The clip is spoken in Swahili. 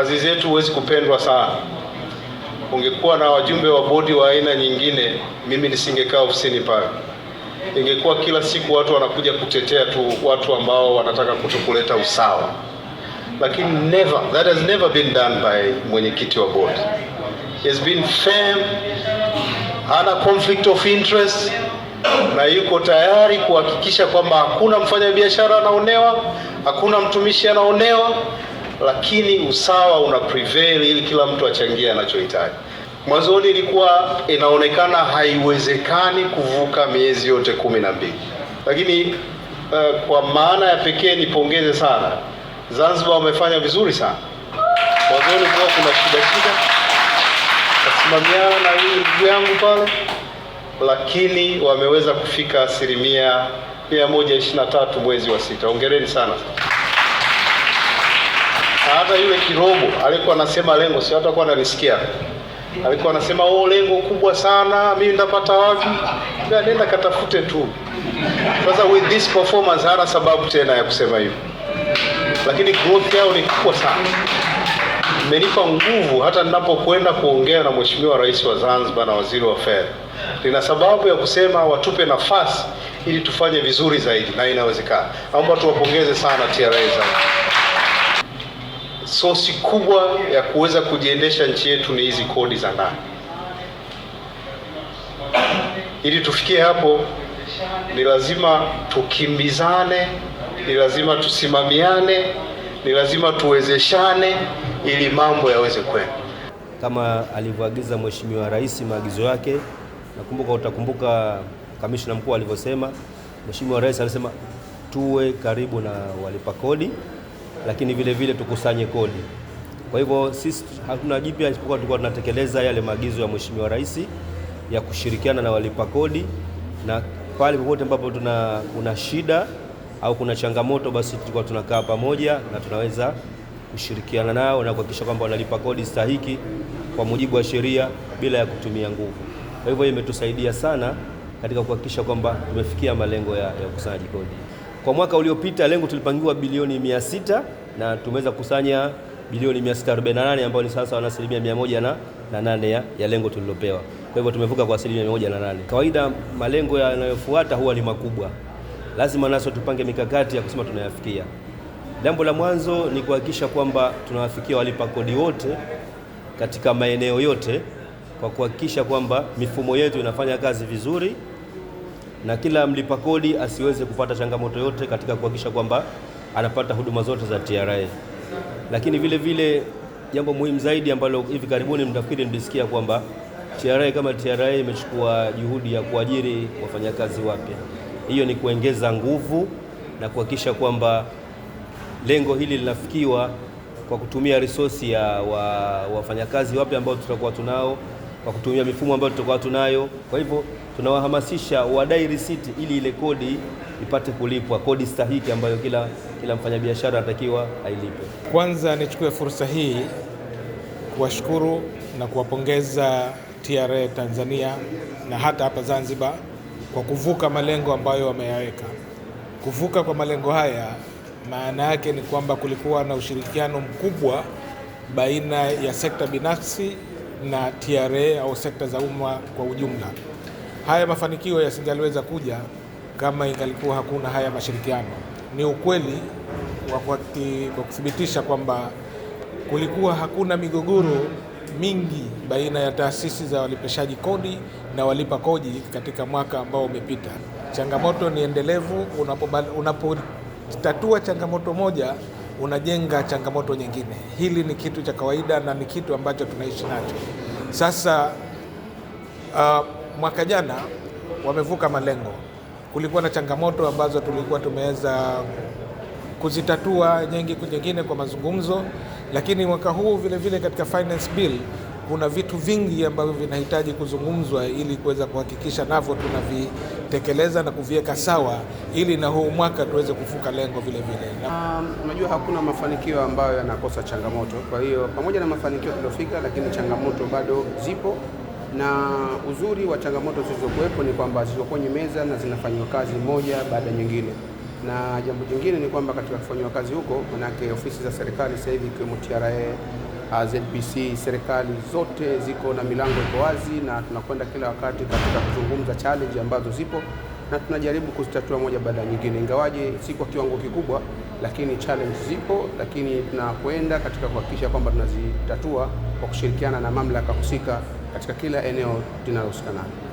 kazi zetu huwezi kupendwa sana. Ungekuwa na wajumbe wa bodi wa aina nyingine, mimi nisingekaa ofisini pale. Ingekuwa kila siku watu wanakuja kutetea tu watu ambao wanataka kutokuleta usawa, lakini never, that has never been done by mwenyekiti wa bodi. He has been firm, hana conflict of interest na yuko tayari kuhakikisha kwamba hakuna mfanyabiashara anaonewa, hakuna mtumishi anaonewa lakini usawa una prevail ili kila mtu achangie anachohitaji. Mwanzoni ilikuwa inaonekana haiwezekani kuvuka miezi yote kumi na mbili, lakini uh, kwa maana ya pekee nipongeze sana Zanzibar, wamefanya vizuri sana. Mwanzoni kuwa kuna shida shida, kasimamiana na huyu ndugu yangu pale, lakini wameweza kufika asilimia tatu mwezi wa sita. Hongereni sana na hata yule kirobo alikuwa anasema lengo, si watu walikuwa wanalisikia, alikuwa anasema oh, lengo kubwa sana, mimi ndapata wapi? Ndio, Nenda katafute tu. Sasa with this performance hana sababu tena ya kusema hivyo, lakini growth yao ni kubwa sana imenipa nguvu hata ninapokwenda kuongea na Mheshimiwa Rais wa Zanzibar na Waziri wa Fedha, lina sababu ya kusema watupe nafasi ili tufanye vizuri zaidi, na inawezekana. Naomba tuwapongeze sana TRA Zanzibar sosi kubwa ya kuweza kujiendesha nchi yetu ni hizi kodi za ndani. Ili tufikie hapo, ni lazima tukimbizane, ni lazima tusimamiane, ni lazima tuwezeshane ili mambo yaweze kwenda kama alivyoagiza Mheshimiwa Rais maagizo yake. Nakumbuka, utakumbuka kamishna mkuu alivyosema, Mheshimiwa Rais alisema tuwe karibu na walipa kodi lakini vile vile tukusanye kodi. Kwa hivyo sisi hatuna jipya isipokuwa tulikuwa tunatekeleza yale maagizo ya Mheshimiwa Rais ya kushirikiana na walipa kodi, na pale popote ambapo tuna kuna shida au kuna changamoto, basi tulikuwa tunakaa pamoja na tunaweza kushirikiana nao na kuhakikisha kwamba wanalipa kodi stahiki kwa mujibu wa sheria bila ya kutumia nguvu. Kwa hivyo imetusaidia sana katika kuhakikisha kwamba tumefikia malengo ya, ya ukusanyaji kodi. Kwa mwaka uliopita lengo tulipangiwa bilioni sita na tumeweza kusanya bilioni 648 ambayo ni sasa na, na nane ya, ya lengo tulilopewa. Kwa hivyo tumevuka kwa asilimia nane. Kawaida malengo yanayofuata huwa ni makubwa, lazima naso tupange mikakati ya kusema tunayafikia. Jambo la mwanzo ni kuhakikisha kwamba tunawafikia walipa kodi wote katika maeneo yote kwa kuhakikisha kwamba mifumo yetu inafanya kazi vizuri na kila mlipa kodi asiweze kupata changamoto yote katika kuhakikisha kwamba anapata huduma zote za TRA. Lakini vile vile jambo muhimu zaidi ambalo hivi karibuni mtafikiri mlisikia kwamba TRA kama TRA imechukua juhudi ya kuajiri wafanyakazi wapya. Hiyo ni kuongeza nguvu na kuhakikisha kwamba lengo hili linafikiwa kwa kutumia resource ya wafanyakazi wapya ambao tutakuwa tunao kwa kutumia mifumo ambayo tutakuwa tunayo. Kwa hivyo tunawahamasisha wadai risiti ili ile kodi ipate kulipwa, kodi stahiki ambayo kila, kila mfanyabiashara anatakiwa ailipe. Kwanza nichukue fursa hii kuwashukuru na kuwapongeza TRA Tanzania na hata hapa Zanzibar kwa kuvuka malengo ambayo wameyaweka. Kuvuka kwa malengo haya maana yake ni kwamba kulikuwa na ushirikiano mkubwa baina ya sekta binafsi na TRA au sekta za umma kwa ujumla. Haya mafanikio yasingaliweza kuja kama ingalikuwa hakuna haya mashirikiano. Ni ukweli kwa kuthibitisha kwamba kulikuwa hakuna migogoro mingi baina ya taasisi za walipeshaji kodi na walipa kodi katika mwaka ambao umepita. Changamoto ni endelevu. Unapotatua changamoto moja unajenga changamoto nyingine. Hili ni kitu cha kawaida na ni kitu ambacho tunaishi nacho sasa. Uh, mwaka jana wamevuka malengo. Kulikuwa na changamoto ambazo tulikuwa tumeweza kuzitatua nyingi nyingine kwa mazungumzo, lakini mwaka huu vilevile vile katika finance bill kuna vitu vingi ambavyo vinahitaji kuzungumzwa ili kuweza kuhakikisha navyo tunavitekeleza na kuviweka sawa ili na huu mwaka tuweze kufuka lengo vile vile. Um, unajua, um, hakuna mafanikio ambayo yanakosa changamoto. Kwa hiyo pamoja na mafanikio tuliofika, lakini changamoto bado zipo, na uzuri wa changamoto zilizokuwepo ni kwamba ziko kwenye meza na zinafanywa kazi moja baada nyingine na jambo jingine ni kwamba katika kufanyiwa kazi huko, manake ofisi za serikali sasa hivi ikiwemo TRA, uh, ZBC, serikali zote ziko na milango iko wazi, na tunakwenda kila wakati katika kuzungumza challenge ambazo zipo na tunajaribu kuzitatua moja baada ya nyingine, ingawaje si kwa kiwango kikubwa, lakini challenge zipo, lakini tunakwenda katika kuhakikisha kwamba tunazitatua kwa kushirikiana na mamlaka husika katika kila eneo linalohusikana.